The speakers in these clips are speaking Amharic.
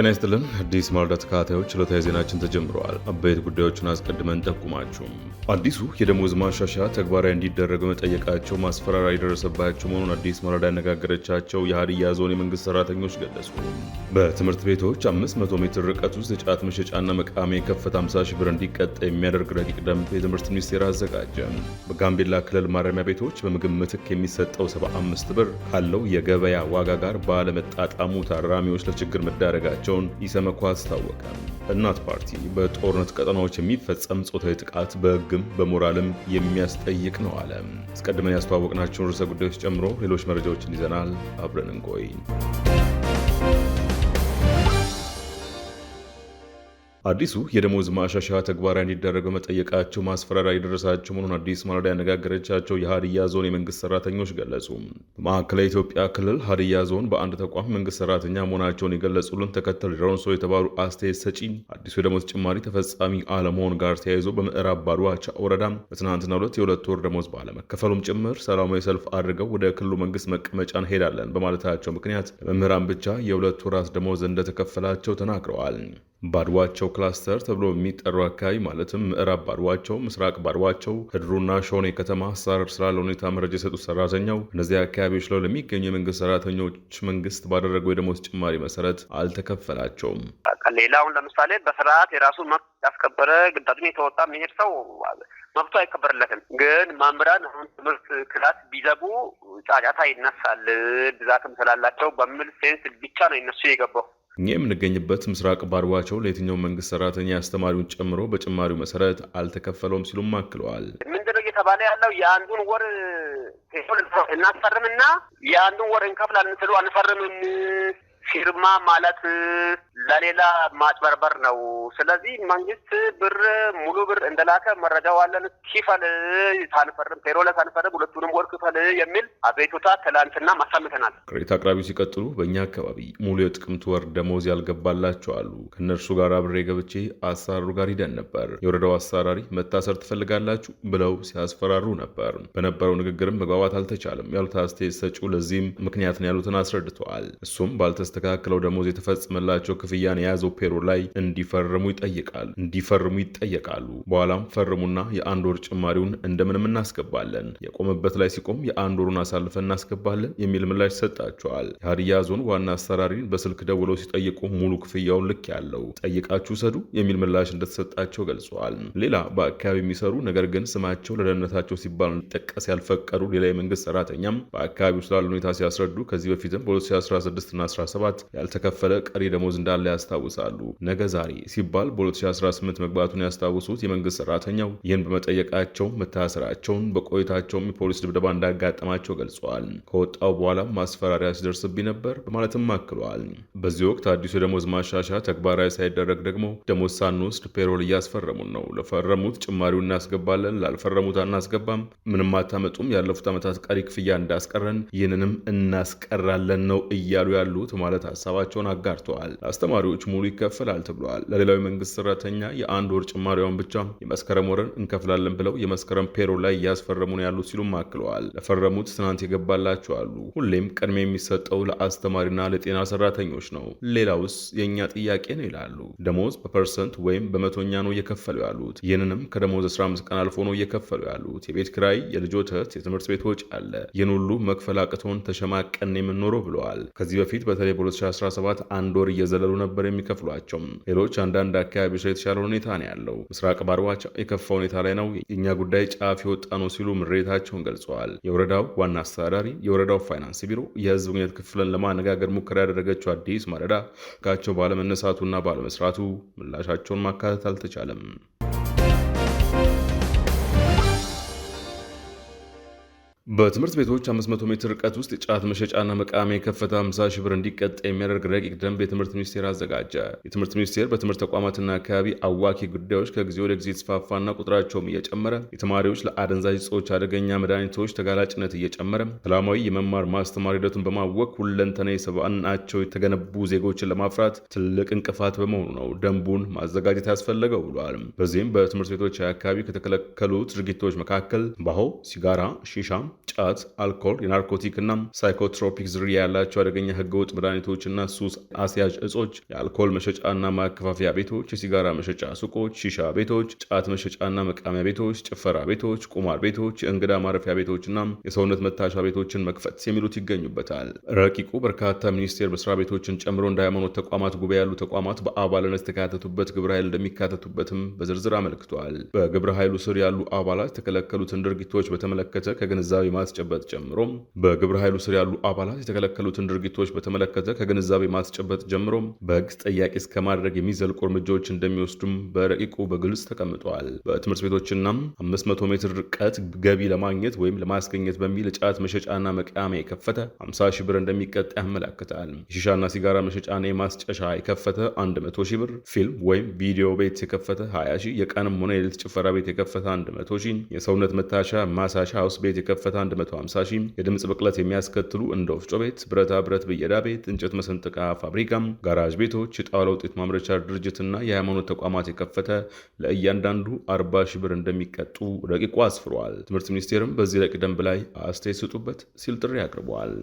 ጤና ይስጥልን አዲስ ማለዳ ተከታታዮች፣ ዕለታዊ ዜናችን ተጀምረዋል። አበይት ጉዳዮቹን አስቀድመን ጠቁማችሁም አዲሱ የደሞዝ ማሻሻያ ተግባራዊ እንዲደረግ መጠየቃቸው ማስፈራሪያ የደረሰባቸው መሆኑን አዲስ ማለዳ ያነጋገረቻቸው የሀዲያ ዞን የመንግስት ሰራተኞች ገለጹ። በትምህርት ቤቶች 500 ሜትር ርቀት ውስጥ የጫት መሸጫና መቃሚ የከፈተ 50 ሺህ ብር እንዲቀጣ የሚያደርግ ረቂቅ ደንብ የትምህርት ሚኒስቴር አዘጋጀ። በጋምቤላ ክልል ማረሚያ ቤቶች በምግብ ምትክ የሚሰጠው 75 ብር ካለው የገበያ ዋጋ ጋር ባለመጣጣሙ ታራሚዎች ለችግር መዳረጋቸው መሆናቸውን ኢሰመኮ አስታወቀ። እናት ፓርቲ በጦርነት ቀጠናዎች የሚፈጸም ጾታዊ ጥቃት በሕግም በሞራልም የሚያስጠይቅ ነው አለ። አስቀድመን ያስተዋወቅናቸውን ርዕሰ ጉዳዮች ጨምሮ ሌሎች መረጃዎችን ይዘናል። አብረን እንቆይ። አዲሱ የደሞዝ ማሻሻያ ተግባራዊ እንዲደረግ በመጠየቃቸው ማስፈራሪያ የደረሳቸው መሆኑን አዲስ ማለዳ ያነጋገረቻቸው የሀዲያ ዞን የመንግስት ሰራተኞች ገለጹ። በማዕከላዊ ኢትዮጵያ ክልል ሀዲያ ዞን በአንድ ተቋም መንግስት ሰራተኛ መሆናቸውን የገለጹልን ተከተል ሮንሶ የተባሉ አስተያየት ሰጪ አዲሱ የደሞዝ ጭማሪ ተፈጻሚ አለመሆን ጋር ተያይዞ በምዕራብ ባሉዋቻ ወረዳ በትናንትና ሁለት የሁለት ወር ደሞዝ ባለመከፈሉም ጭምር ሰላማዊ ሰልፍ አድርገው ወደ ክልሉ መንግስት መቀመጫ እንሄዳለን በማለታቸው ምክንያት ለመምህራን ብቻ የሁለት ወራት ደሞዝ እንደተከፈላቸው ተናግረዋል። ባድዋቸው ክላስተር ተብሎ የሚጠሩ አካባቢ ማለትም ምዕራብ ባድዋቸው፣ ምስራቅ ባድዋቸው፣ ህድሩና ሾኔ ከተማ አሰራር ስላለ ሁኔታ መረጃ የሰጡት ሰራተኛው እነዚህ አካባቢዎች ላይ ለሚገኙ የመንግስት ሰራተኞች መንግስት ባደረገው የደሞዝ ጭማሪ መሰረት አልተከፈላቸውም። ሌላውን ለምሳሌ በስርዓት የራሱን መብት ያስከበረ ግዳጁን የተወጣ መሄድ ሰው መብቱ አይከበርለትም። ግን መምህራን አሁን ትምህርት ክላስ ቢዘጉ ጫጫታ ይነሳል ብዛትም ስላላቸው በሚል ሴንስ ብቻ ነው እነሱ የገባው እኛ የምንገኝበት ምስራቅ ባድዋቸው ለየትኛው መንግስት ሰራተኛ አስተማሪውን ጨምሮ በጭማሪው መሰረት አልተከፈለውም ሲሉም አክለዋል። ምንድነው እየተባለ ያለው? የአንዱን ወር እናስፈርምና የአንዱን ወር እንከፍል አንስሉ አንፈርምም ፊርማ ማለት ለሌላ ማጭበርበር ነው። ስለዚህ መንግስት ብር ሙሉ ብር እንደላከ መረጃው አለን። ኪፈል ሳንፈርም ፔሮለ ሳንፈርም ሁለቱንም ወር ክፈል የሚል አቤቱታ ትላንትና ማሳምተናል። ቅሬታ አቅራቢው ሲቀጥሉ በእኛ አካባቢ ሙሉ የጥቅምት ወር ደሞዝ ያልገባላቸው አሉ። ከእነርሱ ጋር አብሬ ገብቼ አሰራሩ ጋር ሂደን ነበር። የወረዳው አሰራሪ መታሰር ትፈልጋላችሁ ብለው ሲያስፈራሩ ነበር። በነበረው ንግግርም መግባባት አልተቻለም ያሉት አስተያየት ሰጪው ለዚህም ምክንያት ነው ያሉትን አስረድተዋል። እሱም ባልተስ በተስተካከለው ደሞዝ የተፈጸመላቸው ክፍያን የያዘው ፔሮል ላይ እንዲፈርሙ ይጠይቃል እንዲፈርሙ ይጠየቃሉ። በኋላም ፈርሙና የአንድ ወር ጭማሪውን እንደምንም እናስገባለን፣ የቆመበት ላይ ሲቆም የአንድ ወሩን አሳልፈን እናስገባለን የሚል ምላሽ ሰጣቸዋል። የሀዲያ ዞን ዋና አሰራሪን በስልክ ደውለው ሲጠይቁ ሙሉ ክፍያውን ልክ ያለው ጠይቃችሁ ሰዱ የሚል ምላሽ እንደተሰጣቸው ገልጸዋል። ሌላ በአካባቢ የሚሰሩ ነገር ግን ስማቸው ለደህንነታቸው ሲባል እንዲጠቀስ ያልፈቀዱ ሌላ የመንግስት ሰራተኛም በአካባቢው ስላለ ሁኔታ ሲያስረዱ ከዚህ በፊትም በ2016ና 17 በማጥፋት ያልተከፈለ ቀሪ ደሞዝ እንዳለ ያስታውሳሉ። ነገ ዛሬ ሲባል በ2018 መግባቱን ያስታውሱት የመንግስት ሰራተኛው ይህን በመጠየቃቸው መታሰራቸውን በቆይታቸውም የፖሊስ ድብደባ እንዳጋጠማቸው ገልጸዋል። ከወጣው በኋላ ማስፈራሪያ ሲደርስብኝ ነበር በማለትም አክለዋል። በዚህ ወቅት አዲሱ የደሞዝ ማሻሻ ተግባራዊ ሳይደረግ ደግሞ ደሞዝ ሳንወስድ ፔሮል እያስፈረሙን ነው። ለፈረሙት ጭማሪው እናስገባለን፣ ላልፈረሙት አናስገባም፣ ምንም አታመጡም፣ ያለፉት ዓመታት ቀሪ ክፍያ እንዳስቀረን ይህንንም እናስቀራለን ነው እያሉ ያሉት ማለት በማለት ሀሳባቸውን አጋርተዋል። ለአስተማሪዎች ሙሉ ይከፈላል ተብለዋል። ለሌላዊ መንግስት ሰራተኛ የአንድ ወር ጭማሪዋን ብቻ የመስከረም ወርን እንከፍላለን ብለው የመስከረም ፔሮ ላይ እያስፈረሙ ነው ያሉት ሲሉም አክለዋል። ለፈረሙት ትናንት የገባላቸው አሉ። ሁሌም ቅድሜ የሚሰጠው ለአስተማሪና ለጤና ሰራተኞች ነው። ሌላውስ የእኛ ጥያቄ ነው ይላሉ። ደሞዝ በፐርሰንት ወይም በመቶኛ ነው እየከፈሉ ያሉት። ይህንንም ከደሞዝ 15 ቀን አልፎ ነው እየከፈሉ ያሉት። የቤት ክራይ፣ የልጆ እህት፣ የትምህርት ቤት ወጪ አለ። ይህን ሁሉ መክፈል አቅቶን ተሸማቀን የምንኖረው ብለዋል። ከዚህ በፊት በተለይ በ2017 አንድ ወር እየዘለሉ ነበር የሚከፍሏቸው። ሌሎች አንዳንድ አካባቢዎች ላይ የተሻለ ሁኔታ ነው ያለው። ምስራቅ ባርባቻ የከፋ ሁኔታ ላይ ነው፣ የእኛ ጉዳይ ጫፍ የወጣ ነው ሲሉ ምሬታቸውን ገልጸዋል። የወረዳው ዋና አስተዳዳሪ፣ የወረዳው ፋይናንስ ቢሮ፣ የህዝብ ግንኙነት ክፍልን ለማነጋገር ሙከራ ያደረገችው አዲስ ማለዳ ካቸው ባለመነሳቱና ባለመስራቱ ምላሻቸውን ማካተት አልተቻለም። በትምህርት ቤቶች 500 ሜትር ርቀት ውስጥ የጫት መሸጫና መቃሚያ የከፈተ 50 ሺህ ብር እንዲቀጣ የሚያደርግ ረቂቅ ደንብ የትምህርት ሚኒስቴር አዘጋጀ። የትምህርት ሚኒስቴር በትምህርት ተቋማትና አካባቢ አዋኪ ጉዳዮች ከጊዜ ወደ ጊዜ የተስፋፋና ቁጥራቸውም እየጨመረ የተማሪዎች ለአደንዛዥ እጾች፣ አደገኛ መድኃኒቶች ተጋላጭነት እየጨመረ ሰላማዊ የመማር ማስተማር ሂደቱን በማወቅ ሁለንተናዊ ሰብዕናቸው የተገነቡ ዜጎችን ለማፍራት ትልቅ እንቅፋት በመሆኑ ነው ደንቡን ማዘጋጀት ያስፈለገው ብሏል። በዚህም በትምህርት ቤቶች አካባቢ ከተከለከሉ ድርጊቶች መካከል ባሆ፣ ሲጋራ፣ ሺሻም ጫት፣ አልኮል፣ እና ሳይኮትሮፒክ ዝርያ ያላቸው አደገኛ ህገወጥ እና ሱስ አስያዥ እጾች፣ የአልኮል መሸጫና ማከፋፈያ ቤቶች፣ የሲጋራ መሸጫ ሱቆች፣ ሺሻ ቤቶች፣ ጫት መሸጫና መቃሚያ ቤቶች፣ ጭፈራ ቤቶች፣ ቁማር ቤቶች፣ የእንግዳ ማረፊያ ቤቶችና የሰውነት መታሻ ቤቶችን መክፈት የሚሉት ይገኙበታል። ረቂቁ በርካታ ሚኒስቴር መስሪያ ቤቶችን ጨምሮ እንደ ሃይማኖት ተቋማት ጉባኤ ያሉ ተቋማት በአባልነት የተካተቱበት ግብረ ኃይል እንደሚካተቱበትም በዝርዝር አመልክቷል። በግብረ ኃይሉ ስር ያሉ አባላት የተከለከሉትን ድርጊቶች በተመለከተ ከግንዛቤ ማስጨበጥ ጀምሮ በግብረ ኃይሉ ስር ያሉ አባላት የተከለከሉትን ድርጊቶች በተመለከተ ከግንዛቤ ማስጨበጥ ጀምሮ በሕግ እስከ እስከማድረግ የሚዘልቁ እርምጃዎች እንደሚወስዱም በረቂቁ በግልጽ ተቀምጠዋል። በትምህርት ቤቶችና 500 ሜትር ርቀት ገቢ ለማግኘት ወይም ለማስገኘት በሚል ጫት መሸጫና መቃሚያ የከፈተ 50 ሺህ ብር እንደሚቀጣ ያመላክታል። የሺሻና ሲጋራ መሸጫና የማስጨሻ የከፈተ 100 ሺህ ብር፣ ፊልም ወይም ቪዲዮ ቤት የከፈተ 20 ሺህ፣ የቀንም ሆነ የሌሊት ጭፈራ ቤት የከፈተ 100 ሺህ፣ የሰውነት መታሻ ማሳሻ ሀውስ ቤት የከፈተ 150 ሺህ የድምፅ ብቅለት የሚያስከትሉ እንደ ወፍጮ ቤት፣ ብረታ ብረት ብየዳ ቤት፣ እንጨት መሰንጠቃ ፋብሪካም፣ ጋራዥ ቤቶች፣ የጣውላ ውጤት ማምረቻ ድርጅትና የሃይማኖት ተቋማት የከፈተ ለእያንዳንዱ 40 ሺህ ብር እንደሚቀጡ ረቂቁ አስፍሯል። ትምህርት ሚኒስቴርም በዚህ ረቂቅ ደንብ ላይ አስተያየት ስጡበት ሲል ጥሪ አቅርቧል።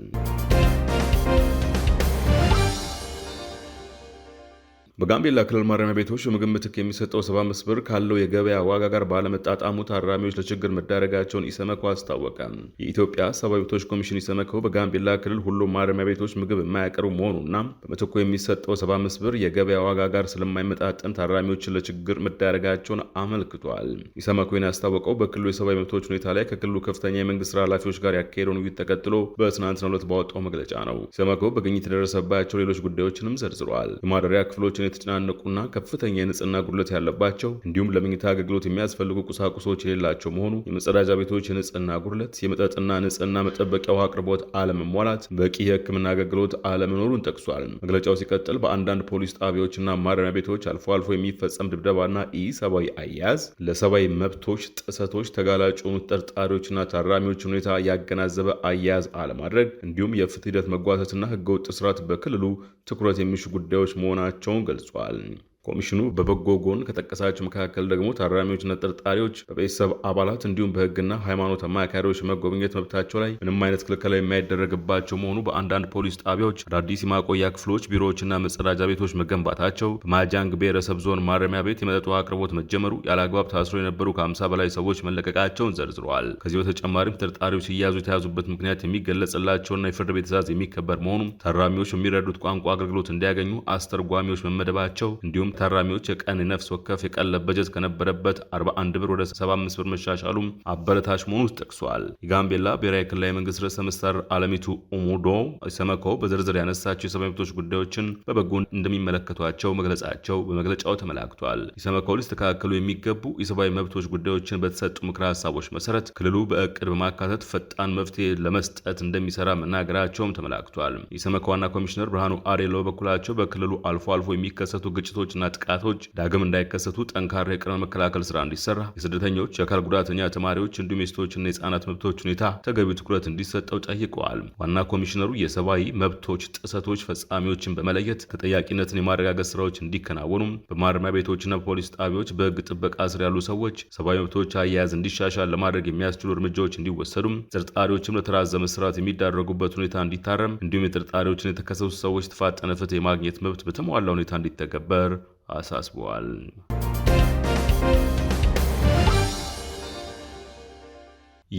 በጋምቤላ ክልል ማረሚያ ቤቶች የምግብ ምትክ የሚሰጠው 75 ብር ካለው የገበያ ዋጋ ጋር ባለመጣጣሙ ታራሚዎች ለችግር መዳረጋቸውን ኢሰመኮ አስታወቀ። የኢትዮጵያ ሰብአዊ መብቶች ኮሚሽን ኢሰመኮ በጋምቤላ ክልል ሁሉም ማረሚያ ቤቶች ምግብ የማያቀርቡ መሆኑና በምትኩ የሚሰጠው 75 ብር የገበያ ዋጋ ጋር ስለማይመጣጠን ታራሚዎችን ለችግር መዳረጋቸውን አመልክቷል። ኢሰመኮን ያስታወቀው በክልሉ የሰብአዊ መብቶች ሁኔታ ላይ ከክልሉ ከፍተኛ የመንግስት ስራ ኃላፊዎች ጋር ያካሄደውን ውይይት ተከትሎ በትናንትናው ዕለት ባወጣው መግለጫ ነው። ኢሰመኮ በግኝት የደረሰባቸው ሌሎች ጉዳዮችንም ዘርዝሯል። የማደሪያ ክፍሎች አቅርቦታቸው የተጨናነቁና ከፍተኛ የንጽህና ጉድለት ያለባቸው እንዲሁም ለመኝታ አገልግሎት የሚያስፈልጉ ቁሳቁሶች የሌላቸው መሆኑ፣ የመጸዳጃ ቤቶች የንጽህና ጉድለት፣ የመጠጥና ንጽህና መጠበቂያ ውሃ አቅርቦት አለመሟላት፣ በቂ የህክምና አገልግሎት አለመኖሩን ጠቅሷል። መግለጫው ሲቀጥል በአንዳንድ ፖሊስ ጣቢያዎችና ማረሚያ ቤቶች አልፎ አልፎ የሚፈጸም ድብደባና ኢሰብአዊ አያያዝ ለሰብአዊ መብቶች ጥሰቶች ተጋላጭ የሆኑ ተጠርጣሪዎችና ታራሚዎች ሁኔታ ያገናዘበ አያያዝ አለማድረግ እንዲሁም የፍትህ ሂደት መጓተትና ህገወጥ ስርዓት በክልሉ ትኩረት የሚሹ ጉዳዮች መሆናቸውን ተገልጿል። ኮሚሽኑ በበጎ ጎን ከጠቀሳቸው መካከል ደግሞ ታራሚዎችና ጠርጣሪዎች በቤተሰብ አባላት እንዲሁም በሕግና ሃይማኖት አማካሪዎች መጎብኘት መብታቸው ላይ ምንም አይነት ክልከላ የማይደረግባቸው መሆኑ፣ በአንዳንድ ፖሊስ ጣቢያዎች አዳዲስ የማቆያ ክፍሎች፣ ቢሮዎችና መጸዳጃ ቤቶች መገንባታቸው፣ በማጃንግ ብሔረሰብ ዞን ማረሚያ ቤት የመጠጡ አቅርቦት መጀመሩ፣ ያለአግባብ ታስሮ የነበሩ ከ50 በላይ ሰዎች መለቀቃቸውን ዘርዝረዋል። ከዚህ በተጨማሪም ተጠርጣሪዎች ሲያዙ የተያዙበት ምክንያት የሚገለጽላቸውና የፍርድ ቤት ትእዛዝ የሚከበር መሆኑም፣ ታራሚዎች የሚረዱት ቋንቋ አገልግሎት እንዲያገኙ አስተርጓሚዎች መመደባቸው እንዲሁም ታራሚዎች የቀን ነፍስ ወከፍ የቀለብ በጀት ከነበረበት 41 ብር ወደ 75 ብር መሻሻሉ አበረታች መሆኑ ጠቅሷል። የጋምቤላ ብሔራዊ ክልላዊ መንግስት ርዕሰ መስተዳድር አለሚቱ ኦሞዶ ኢሰመኮ በዝርዝር ያነሳቸው የሰብአዊ መብቶች ጉዳዮችን በበጎ እንደሚመለከቷቸው መግለጻቸው በመግለጫው ተመላክቷል። ኢሰመኮ ሊስተካከሉ የሚገቡ የሰብአዊ መብቶች ጉዳዮችን በተሰጡ ምክረ ሀሳቦች መሰረት ክልሉ በእቅድ በማካተት ፈጣን መፍትሄ ለመስጠት እንደሚሰራ መናገራቸውም ተመላክቷል። ኢሰመኮ ዋና ኮሚሽነር ብርሃኑ አሬሎ በበኩላቸው በክልሉ አልፎ አልፎ የሚከሰቱ ግጭቶች ። ጥቃትና ጥቃቶች ዳግም እንዳይከሰቱ ጠንካራ የቅድመ መከላከል ስራ እንዲሰራ፣ የስደተኞች፣ የአካል ጉዳተኛ ተማሪዎች እንዲሁም የሴቶችና የህጻናት መብቶች ሁኔታ ተገቢ ትኩረት እንዲሰጠው ጠይቀዋል። ዋና ኮሚሽነሩ የሰብአዊ መብቶች ጥሰቶች ፈጻሚዎችን በመለየት ተጠያቂነትን የማረጋገጥ ስራዎች እንዲከናወኑም በማረሚያ ቤቶችና በፖሊስ ጣቢያዎች በህግ ጥበቃ ስር ያሉ ሰዎች ሰብአዊ መብቶች አያያዝ እንዲሻሻል ለማድረግ የሚያስችሉ እርምጃዎች እንዲወሰዱም፣ ጥርጣሪዎችም ለተራዘመ ስርዓት የሚዳረጉበት ሁኔታ እንዲታረም እንዲሁም የጥርጣሪዎችን የተከሰሱ ሰዎች የተፋጠነ ፍትህ የማግኘት መብት በተሟላ ሁኔታ እንዲተገበር አሳስበዋል።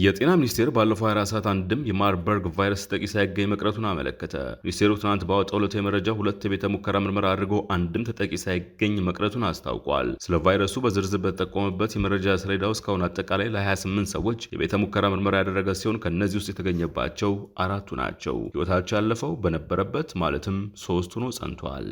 የጤና ሚኒስቴር ባለፈው 24 ሰዓት አንድም የማርበርግ ቫይረስ ተጠቂ ሳይገኝ መቅረቱን አመለከተ። ሚኒስቴሩ ትናንት ባወጣው ዕለታዊ መረጃ ሁለት የቤተ ሙከራ ምርመራ አድርጎ አንድም ተጠቂ ሳይገኝ መቅረቱን አስታውቋል። ስለ ቫይረሱ በዝርዝር በተጠቆመበት የመረጃ ሰሌዳ ውስጥ እስካሁን አጠቃላይ ለ28 ሰዎች የቤተ ሙከራ ምርመራ ያደረገ ሲሆን ከእነዚህ ውስጥ የተገኘባቸው አራቱ ናቸው። ሕይወታቸው ያለፈው በነበረበት ማለትም ሶስት ሆኖ ጸንቷል።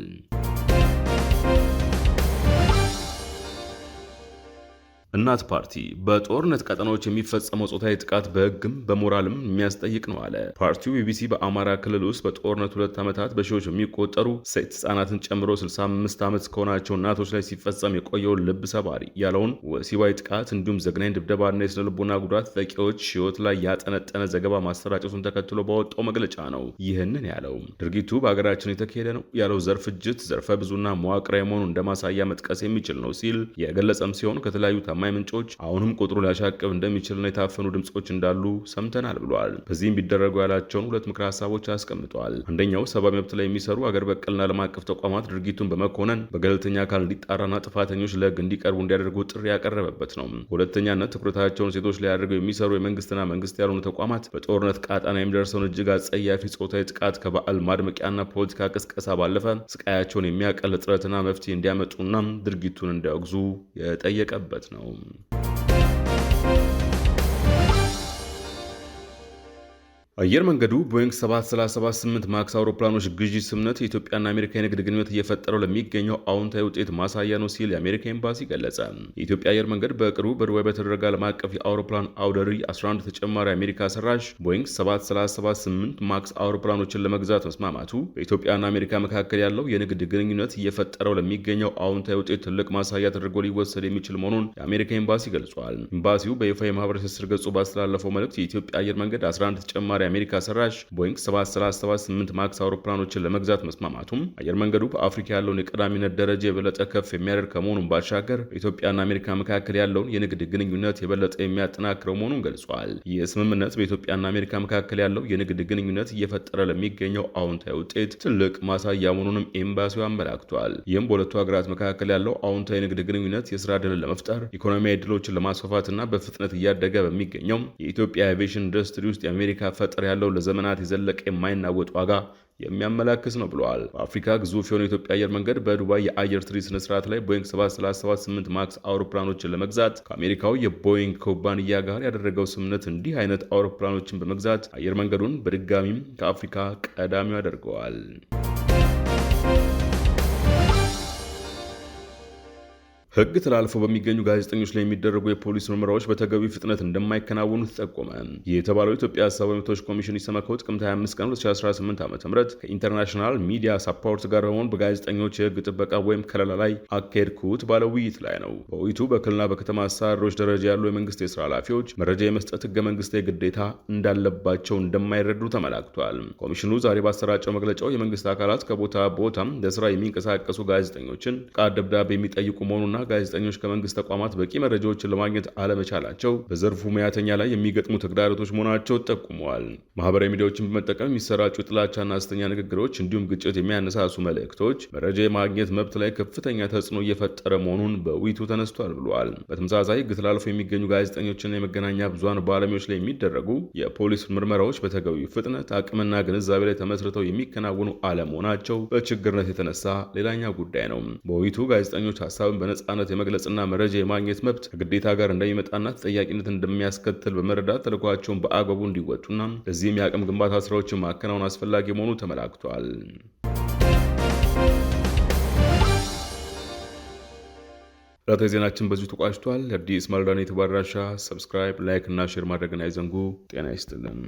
እናት ፓርቲ በጦርነት ቀጠናዎች የሚፈጸመው ጾታዊ ጥቃት በሕግም በሞራልም የሚያስጠይቅ ነው አለ። ፓርቲው ቢቢሲ በአማራ ክልል ውስጥ በጦርነት ሁለት ዓመታት በሺዎች የሚቆጠሩ ሴት ህፃናትን ጨምሮ 65 ዓመት ከሆናቸው እናቶች ላይ ሲፈጸም የቆየውን ልብ ሰባሪ ያለውን ወሲባዊ ጥቃት እንዲሁም ዘግናኝ ድብደባና የስነ ልቦና ጉዳት ተጠቂዎች ሕይወት ላይ ያጠነጠነ ዘገባ ማሰራጨቱን ተከትሎ ባወጣው መግለጫ ነው ይህንን ያለው። ድርጊቱ በሀገራችን የተካሄደ ነው ያለው ዘርፍ እጅት ዘርፈ ብዙና መዋቅራዊ መሆኑ እንደማሳያ መጥቀስ የሚችል ነው ሲል የገለጸም ሲሆን ከተለያዩ ታማኝ ምንጮች አሁንም ቁጥሩ ሊያሻቅብ እንደሚችልና የታፈኑ ድምፆች እንዳሉ ሰምተናል ብለዋል። በዚህም ቢደረጉ ያላቸውን ሁለት ምክር ሀሳቦች አስቀምጠዋል። አንደኛው ሰብአዊ መብት ላይ የሚሰሩ አገር በቀልና ዓለም አቀፍ ተቋማት ድርጊቱን በመኮነን በገለልተኛ አካል እንዲጣራና ጥፋተኞች ለህግ እንዲቀርቡ እንዲያደርጉ ጥሪ ያቀረበበት ነው። ሁለተኛነት ትኩረታቸውን ሴቶች ላይ አድርገው የሚሰሩ የመንግስትና መንግስት ያልሆኑ ተቋማት በጦርነት ቃጣና የሚደርሰውን እጅግ አጸያፊ ጾታዊ ጥቃት ከበዓል ማድመቂያና ፖለቲካ ቅስቀሳ ባለፈ ስቃያቸውን የሚያቀል ጥረትና መፍትሄ እንዲያመጡና ድርጊቱን እንዲያወግዙ የጠየቀበት ነው። home. አየር መንገዱ ቦይንግ 7378 ማክስ አውሮፕላኖች ግዢ ስምነት የኢትዮጵያና አሜሪካ የንግድ ግንኙነት እየፈጠረው ለሚገኘው አዎንታዊ ውጤት ማሳያ ነው ሲል የአሜሪካ ኤምባሲ ገለጸ። የኢትዮጵያ አየር መንገድ በቅርቡ በዱባይ በተደረገ ዓለም አቀፍ የአውሮፕላን አውደሪ 11 ተጨማሪ አሜሪካ ሰራሽ ቦይንግ 7378 ማክስ አውሮፕላኖችን ለመግዛት መስማማቱ በኢትዮጵያና አሜሪካ መካከል ያለው የንግድ ግንኙነት እየፈጠረው ለሚገኘው አዎንታዊ ውጤት ትልቅ ማሳያ ተደርጎ ሊወሰድ የሚችል መሆኑን የአሜሪካ ኤምባሲ ገልጿል። ኤምባሲው በይፋ የማህበረሰብ ስር ገጹ ባስተላለፈው መልእክት የኢትዮጵያ አየር መንገድ 11 ተጨማሪ መጀመሪያ አሜሪካ ሰራሽ ቦይንግ 7378 ማክስ አውሮፕላኖችን ለመግዛት መስማማቱም አየር መንገዱ በአፍሪካ ያለውን የቀዳሚነት ደረጃ የበለጠ ከፍ የሚያደርግ ከመሆኑን ባሻገር በኢትዮጵያና አሜሪካ መካከል ያለውን የንግድ ግንኙነት የበለጠ የሚያጠናክረው መሆኑን ገልጿል። ይህ ስምምነት በኢትዮጵያና አሜሪካ መካከል ያለው የንግድ ግንኙነት እየፈጠረ ለሚገኘው አዎንታዊ ውጤት ትልቅ ማሳያ መሆኑንም ኤምባሲው አመላክቷል። ይህም በሁለቱ ሀገራት መካከል ያለው አዎንታዊ የንግድ ግንኙነት የስራ ዕድልን ለመፍጠር ኢኮኖሚያዊ ዕድሎችን ለማስፋፋትና በፍጥነት እያደገ በሚገኘው የኢትዮጵያ አቪዬሽን ኢንዱስትሪ ውስጥ የአሜሪካ ፈ ጥርጥር ያለው ለዘመናት የዘለቀ የማይናወጥ ዋጋ የሚያመላክስ ነው ብለዋል። በአፍሪካ ግዙፍ የሆነው የኢትዮጵያ አየር መንገድ በዱባይ የአየር ትርኢት ስነስርዓት ላይ ቦይንግ 7378 ማክስ አውሮፕላኖችን ለመግዛት ከአሜሪካው የቦይንግ ኩባንያ ጋር ያደረገው ስምምነት እንዲህ አይነት አውሮፕላኖችን በመግዛት አየር መንገዱን በድጋሚም ከአፍሪካ ቀዳሚው አደርገዋል። ሕግ ተላልፈው በሚገኙ ጋዜጠኞች ላይ የሚደረጉ የፖሊስ ምርመራዎች በተገቢ ፍጥነት እንደማይከናወኑ ተጠቆመ። የተባለው ኢትዮጵያ ሰብአዊ መብቶች ኮሚሽን ኢሰመኮው ጥቅምት 25 ቀን 2018 ዓ ም ከኢንተርናሽናል ሚዲያ ሳፖርት ጋር በመሆን በጋዜጠኞች የሕግ ጥበቃ ወይም ከለላ ላይ አካሄድኩት ባለ ውይይት ላይ ነው። በውይይቱ በክልልና በከተማ አስተዳደሮች ደረጃ ያሉ የመንግስት የስራ ኃላፊዎች መረጃ የመስጠት ህገ መንግስታዊ ግዴታ እንዳለባቸው እንደማይረዱ ተመላክቷል። ኮሚሽኑ ዛሬ ባሰራጨው መግለጫው የመንግስት አካላት ከቦታ ቦታ ለስራ የሚንቀሳቀሱ ጋዜጠኞችን ቃል ደብዳቤ የሚጠይቁ መሆኑና ጋዜጠኞች ከመንግስት ተቋማት በቂ መረጃዎችን ለማግኘት አለመቻላቸው በዘርፉ ሙያተኛ ላይ የሚገጥሙ ተግዳሮቶች መሆናቸው ጠቁመዋል። ማህበራዊ ሚዲያዎችን በመጠቀም የሚሰራጩ ጥላቻና አስተኛ ንግግሮች እንዲሁም ግጭት የሚያነሳሱ መልእክቶች መረጃ የማግኘት መብት ላይ ከፍተኛ ተጽዕኖ እየፈጠረ መሆኑን በውይይቱ ተነስቷል ብለዋል። በተመሳሳይ ህግ ተላልፎ የሚገኙ ጋዜጠኞችና የመገናኛ ብዙሃን ባለሙያዎች ላይ የሚደረጉ የፖሊስ ምርመራዎች በተገቢው ፍጥነት አቅምና ግንዛቤ ላይ ተመስርተው የሚከናወኑ አለመሆናቸው በችግርነት የተነሳ ሌላኛው ጉዳይ ነው። በውይይቱ ጋዜጠኞች ሀሳብን በነጻ በነጻነት የመግለጽና መረጃ የማግኘት መብት ከግዴታ ጋር እንደሚመጣና ተጠያቂነት እንደሚያስከትል በመረዳት ተልኳቸውን በአግባቡ እንዲወጡና ለዚህም የአቅም ግንባታ ስራዎችን ማከናወን አስፈላጊ መሆኑ ተመላክቷል። ዕለታዊ ዜናችን በዚሁ ተቋጭቷል። አዲስ ማለዳን የተባራሻ ሰብስክራይብ፣ ላይክ እና ሼር ማድረግን አይዘንጉ። ጤና ይስጥልን።